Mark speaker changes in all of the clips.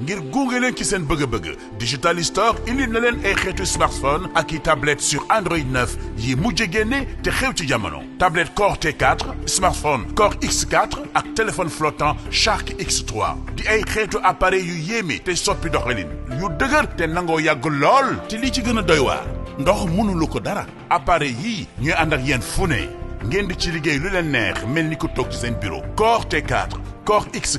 Speaker 1: ngir gunge leen ci seen bëgg-bëgg digital store indil na leen ay xeetu smartphone ak i tablette sur Android 9 yi mujj génne te xew ci jamono tablette Core T4 smartphone Core X4 ak téléphone flottant chaque x di ay xeetu appareil yu yéeme te soppi doxalin yu dëgër te nangoo yàgg lool te li ci gën a doy waar ndox mënulu ko dara appareil yii ñuy ànd ak yéen fu ne ngeen di ci liggéey lu leen neex mel ni ku toog ci seen bureau Core T4 Core x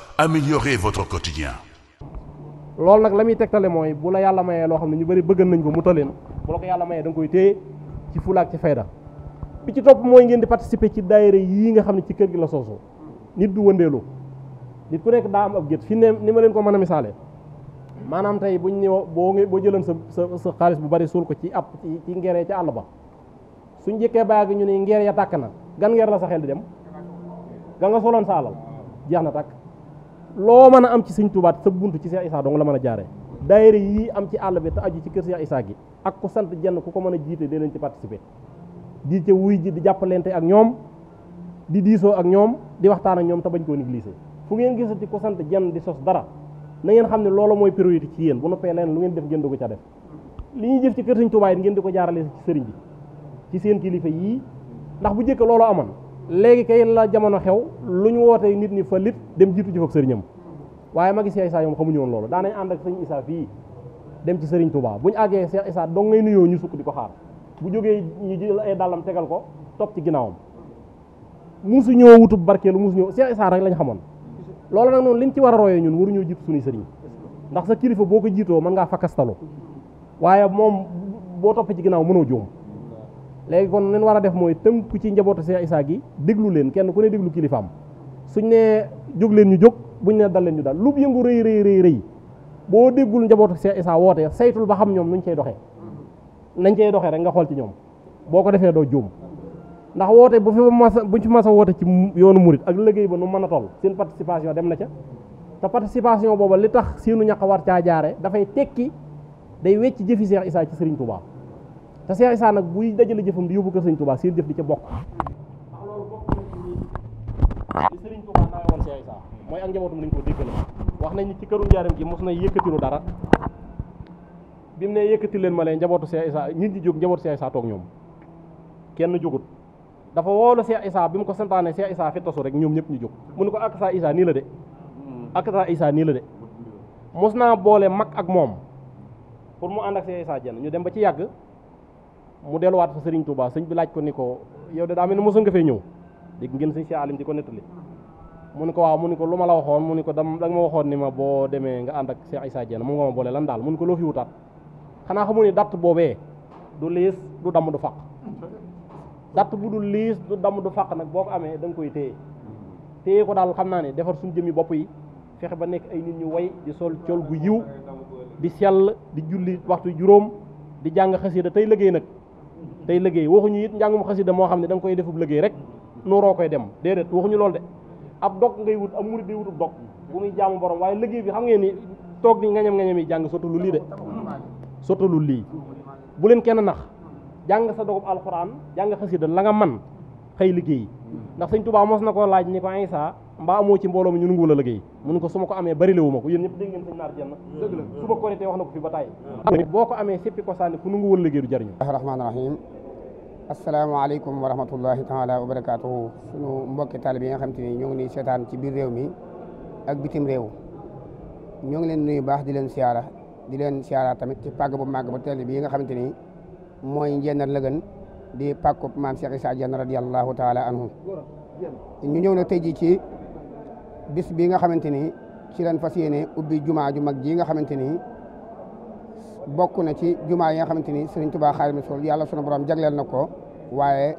Speaker 1: améliorer
Speaker 2: loolu nag la muy tegtale mooy bu la yàlla mayee loo xam ne ñu bari bëgg nañ ko mu taleen bu la ko yàlla mayee da koy téye ci fulaak ci fayda bi ci topp mooy ngeen di participer ci daayira yii nga xam ne ci kër gi la soosoo nit du wëndeelu nit ku nekk daa am ab gét fi ne ni ma leen ko mën a misaalee maanaam tey buñ ne boo boo jëlan sa sa sa xaalis bu bari suul ko ci ab ci ngeree ci àll ba suñ jëkkee bàyyi ñu ne ngeer ya tàkk na gan ngeer la sa di dem ga nga soloon sa alal na tàkk loo mën a am ci sëñ Tuubaa sa bunt ci Cheikh Issa dong la mën a jaare daayira yii am ci àll bi te aju ci kër Cheikh Issa gi ak ku sant jenn ku ko mën a jiite dee leen ci participer di ca wuy ji di jàppalante ak ñoom di diisoo ak ñoom di waxtaan ak ñoom te bañ koo négliger fu ngeen gisati ko sant jenn di sos dara na ngeen xam ne loolu mooy priorité ci yéen bu noppee leen lu ngeen def ngeen di ko ca def li ñuy jëf ci kër sëñ Tuubaa it ngeen di ko jaarale ci bi ci seen kilifa yii ndax bu jëkk looloo amoon léegi kay la jamono xew lu ñu wootee nit ñi fa lit dem jiitu jëf sëriñam waaye magi Cheikh Issa moom xamuñu woon loolu daanañ ànd ak sëñ Issa fii dem ci sëriñ Touba bu ñu àggee Cheikh Issa dong ngay nuyoo ñu sukk di ko xaar bu jógee ñu jël ay dàllam tegal ko topp ci ginnaawam musu ñoo wutub barkeelu musu ñoo Cheikh Issa rek lañ xamoon loolu nag noonu liñ ci war a royee ñun waruñoo jiitu suñuy sëriñ ndax sa kilifa boo ko jiitoo mën ngaa fakkastalu waaye moom boo topp ci ginnaaw mënoo juum léegi kon leen war a def mooy tënku ci njabootu Cheikh Issa gi déglu leen kenn ku ne déglu kilifaam suñ ne jóg leen ñu jóg buñ ne dal leen ñu daal lu yëngu rëy rëy rëy boo déggul njabootu Cheikh Issa woote saytul ba xam ñoom nuñ cay doxee nañ cay doxee rek nga xool ci ñoom boo ko defee doo juum ndax woote bu fi masa buñ fi masa woote ci yoonu murit ak liggéey ba nu mën a toll seen participation dem na ca te participation booba li tax seenu ñàkk war caa jaare dafay tekki day wecc jëfi Cheikh Issa ci Serigne Touba te Cheikh nag buy dajale jëfam di yóbbu kër Sëriñ Touba seen jëf di ca bokk ndax loolu mooy ak njabootum lañ ko déggale wax nañ ci këru njaaram gi mos na yëkkatilu dara bi mu ne yëkkati leen ma leen njabootu Cheikh Issa ñu ñi jóg njabootu Cheikh Issa toog ñoom kenn jógut dafa woolu Cheikh Issa bi mu ko santaane Cheikh Issa fi tasu rek ñoom ñëpp ñu jóg mu ne ko ak saa nii la de hmm. ak saa Issa nii la de mos naa boole mag ak moom pour mu ànd ak Cheikh Issa jenn ñu dem ba ci yàgg mu delluwaat fa Serigne Touba sëñ bi laaj ko ni ko yow de daa mel ni mosu nga fee ñëw dégg ngeen sëñ si alim di ko nettali mu ni ko waaw mu ni ko lu ma la waxoon mu ni ko da nga ma waxoon ni ma boo demee nga ànd ak Cheikh Issa Diène mu nga ma boole lan daal mu ko loo fi wutaat xanaa xamu ni datt boobee du liis du damm du faq datt bu du liis du damm du faq nag boo ko amee da koy téye téye ko daal xam naa ne defar suñu jëmi bopp yi fexe ba nekk ay nit ñu way di sol col gu yiw di sell di julli waxtu juróom di jàng xasida tey liggéey nag tey liggéey waxuñu it njàngum xasida moo xam ne da nga koy defub liggéey rek nooroo koy dem déedéet waxuñu lool de ab dog ngay wut ab murid day wutub dog bu muy jaamu borom waaye liggéey bi xam ngeen ni toog ni ngañam ngañam yi jàng sotalu lii de sotalu lii bu leen kenn nax jàng sa dogub alxuraan jàng xasida la nga man xëy liggéey ndax sëñ Tuubaa mos na koo laaj ni ko Isaa mbaa amoo ci mbooloo mi ñu nanguwul a liggéey mun ko su ma ko amee bari lewu ma ko yéen ñëpp na ko
Speaker 3: fi boo ko amee séppi ko sànni ku nanguwul liggéey du jariñu rahmaani rahim asalaamaaleykum wa rahmatullahi taala wa sunu mbokki taalib yi nga xam te ni ñoo ngi nuy ci biir réew mi ak bitim réew ñoo ngi leen baax di leen siyaara di leen siyaara tamit ci pàgg bu màgg ba teel bi nga xamante ni mooy njennal lëgën di pàkkub maam Cheikh Issa Diène radiyallahu taala anhu ñu ñëw na tey bis bii nga xamante ni ci ren fas yéene ubbi jumaa ju mag ji nga xamante ni bokk na ci jumaa yi nga xamante ni Sëriñ Tuubaa Xaadimu Rasuul yàlla sunu borom jagleel na ko waaye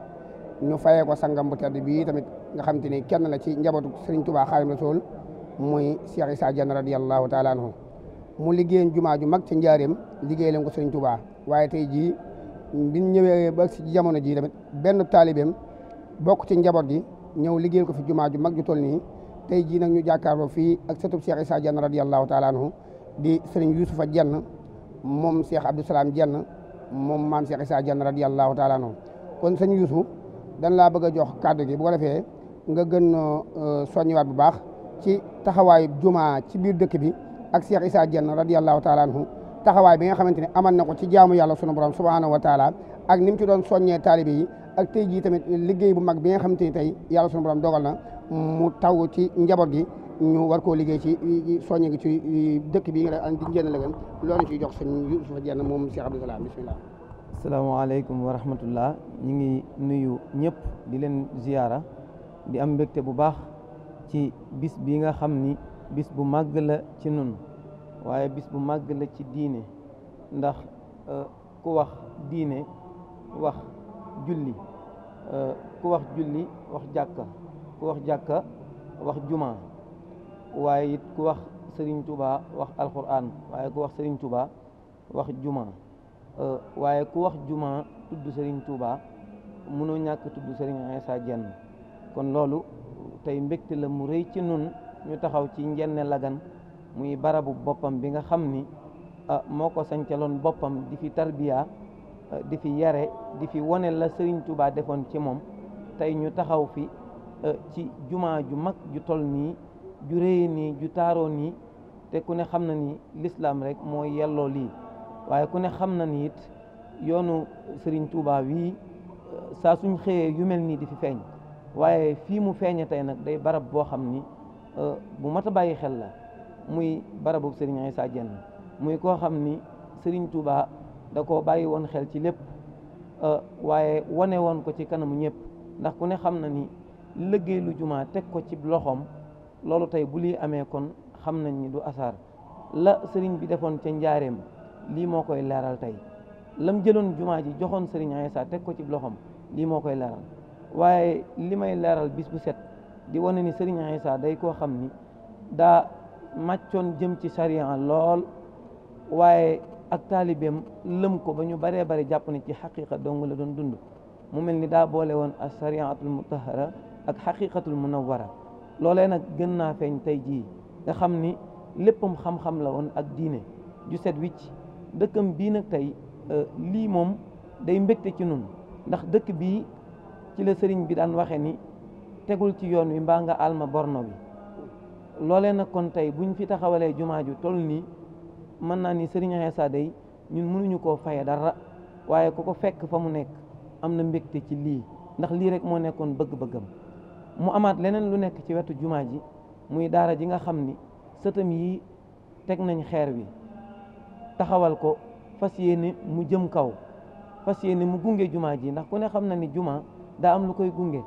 Speaker 3: ñu fayee ko sangam bu tedd bii tamit nga xamante ni kenn la ci njabootu Sëriñ Tuubaa Xaadimu Rasuul muy Cheikh Issa Diène radiyallahu taala anhu mu liggéeyoon jumaa ju mag ci njaareem liggéey leen ko Sëriñ Tuubaa waaye tey jii biñ ñëwee ba ci jamono jii tamit benn taalibeem bokk ci njaboot gi ñëw liggéeyal ko fi jumaa ju mag ju toll nii tey jii nag ñu jàkkaarloo fii ak sëtub Cheikh Issa Diène radiyallahu taala anhu di sëriñ Youssoufa Diène moom Cheikh Abdou Salam Diène moom maam Cheikh Issa Diène radiyallahu taala kon sëñ Youssou dañ laa bëgg a jox kàddu gi bu ko defee nga gën euh, soññiwaat bu baax ci taxawaayu jumaa ci biir dëkk bi ak Cheikh Issa Diène radiyallahu taala anhu taxawaay bi nga xamante ne amal na ko ci jaamu yàlla sunu borom subhanahu wa taala ak ni mu ci doon soññee taalibe yi ak tey jii tamit liggéey bu mag bi nga xam te ni tey yàlla sunu borom dogal na mu taw ci njaboot gi ñu war koo liggéey ci soññe gi ci dëkk bi nga xam ne di njënd la gën loolu ciy jox sëñ Yuusufa Jenn moom Cheikh Abdou Salaam bisimilah.
Speaker 4: asalaamaaleykum wa rahmatullah ñu ngi nuyu ñëpp di leen ziyaara di am mbégte bu baax ci bis bi nga xam ni bis bu màgg la ci nun waaye bis bu màgg la ci diine ndax euh, ku wax diine wax julli euh, ku wax julli wax jàkka ku wax jàkka wax juma waaye it ku wax sëriñ Touba wax alquran waaye ku wax sëriñ Touba wax juma euh, waaye ku wax juma tudd Serigne Touba mënoo ñàkk tudd Serigne Issa Diène kon loolu tey mbégte la mu rëy ci nun ñu taxaw ci njenne lagan muy barabu boppam bi nga xam ni ah, moo ko sancaloon boppam di fi tarbiya di fi yare di fi wone la Serigne Touba defoon ci moom tey ñu taxaw fi euh, ci jumaa ju mag ju tol nii ju réye nii ju taaroo nii te ku ne xam na ni lislaam rek mooy yelloo lii waaye ku ne xam na ni it yoonu sëriñ Touba wii euh, saa suñ xëyee yu mel nii di fi feeñ waaye fii mu feeñe tey nag day barab boo xam ni euh, bu mat a bàyyi xel la muy barabu Serigne Issa Diène muy koo xam ni Serigne Touba da ko bàyyi woon xel ci lépp euh, waaye wane woon ko ci kanamu ñëpp ndax ku ne xam na ni liggéey lu jumaa teg ko cib loxoom loolu tey bu lii amee kon xam nañ ni du asaar la sëriñ bi defoon ca njaareem lii moo koy leeral tey lam jëloon jumaa ji joxoon sëriñ Aïssa teg ko cib loxoom lii moo koy leeral waaye li may leeral bis bu set di wane ni sëriñ Aïssa day koo xam ni daa màccoon jëm ci sariya lool waaye ak taalibeem lëm ko ba ñu baree bari jàpp ne ci xaqiqa dong la doon dund mu mel ni daa boole woon ak sariatul mutahara ak xaqiqatul munawara loolee nag gën naa feeñ tey jii nga xam ni léppam xam-xam la woon ak diine ju set wicc dëkkam bii nag tey euh, lii moom day mbégte ci nun ndax dëkk bii ci la sëriñ bi daan waxe ni tegul ci yoon wi mbaa nga alma borno bi loole nag kon tey bu ñu fi taxawalee jumaa ju toll nii mën naa ni Serigne Xeesa day ñun mënuñu koo faye dara waaye ku ko fekk fa mu nekk am na mbégte ci lii ndax lii rek moo nekkoon bëgg-bëggam mu amaat leneen lu nekk ci wetu jumaa ji muy daara ji nga xam ni sëtam yi teg nañ xeer wi taxawal ko fas yéene mu jëm kaw fas yéene mu gunge jumaa ji ndax ku ne xam na ni jumaa daa am lu koy gunge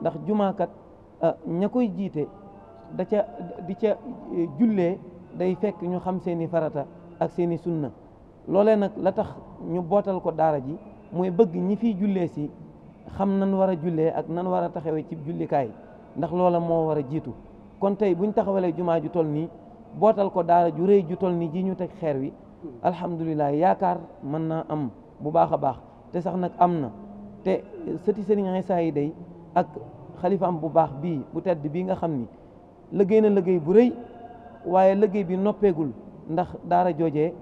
Speaker 4: ndax jumaakat ah, ña koy jiite da ca di ca jullee day fekk ñu xam seeni farata ak seeni sunna loolee nag la tax ñu bootal ko daara ji mooy bëgg ñi fi jullee si xam nan war a jullee ak nan war a taxawee ci jullikaay ndax loola moo war a jiitu kon tey bu ñu taxawalee jumaa ju toll nii bootal ko daara ju rëy ju toll nii ji ñu teg xeer wi alhamdulilah yaakaar mën naa am bu baax a baax te sax nag am na te sëti sëriñ Isaa yi day ak xalifaam bu baax bii bu tedd bii nga xam ni liggéey na liggéey bu rëy waaye liggéey bi noppeegul ndax daara joojee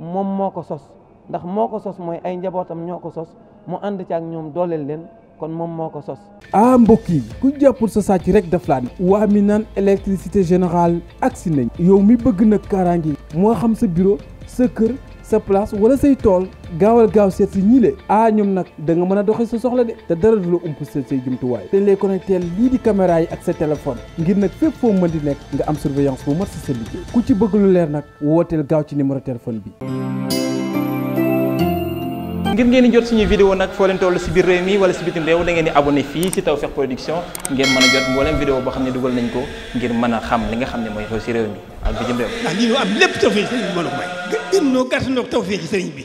Speaker 4: moom moo ko sos ndax moo ko sos mooy ay njabootam ñoo ko sos mu ànd ci ak ñoom dooleel leen kon moom moo ko sos.
Speaker 2: ah mbokk yi ku jàppul sa sàcc rek daf laa ne. waa mi naan électricité générale agsi nañ. yow mi bëgg nag kaaraange moo xam sa bureau sa kër. sa place wala say tool gaawal gaaw seet si ñi le ah ñoom nag da nga mën a doxee sa soxla de te dara du la ump sa say jumtuwaay te ñu lay connecté lii di caméra yi ak sa téléphone ngir nag fépp foo mën di nekk nga am surveillance bu mat si sa liggéey ku ci bëgg lu leer nag wooteel gaaw ci numéro téléphone bi. ngir ngeen di jot suñu vidéo nag foo leen toll si biir réew mi wala si bitim réew da ngeen di abonné fii si Tawfekh Production ngeen mën a jot mboolem ne dugal nañ ko ngir mën a xam nga xam ne mooy xew si réew mi. ak bitim réew.
Speaker 3: ndax am lépp tawfeex sëriñ bi mën a ko may. gën noo gàtt noo
Speaker 4: tawfeex sëriñ bi.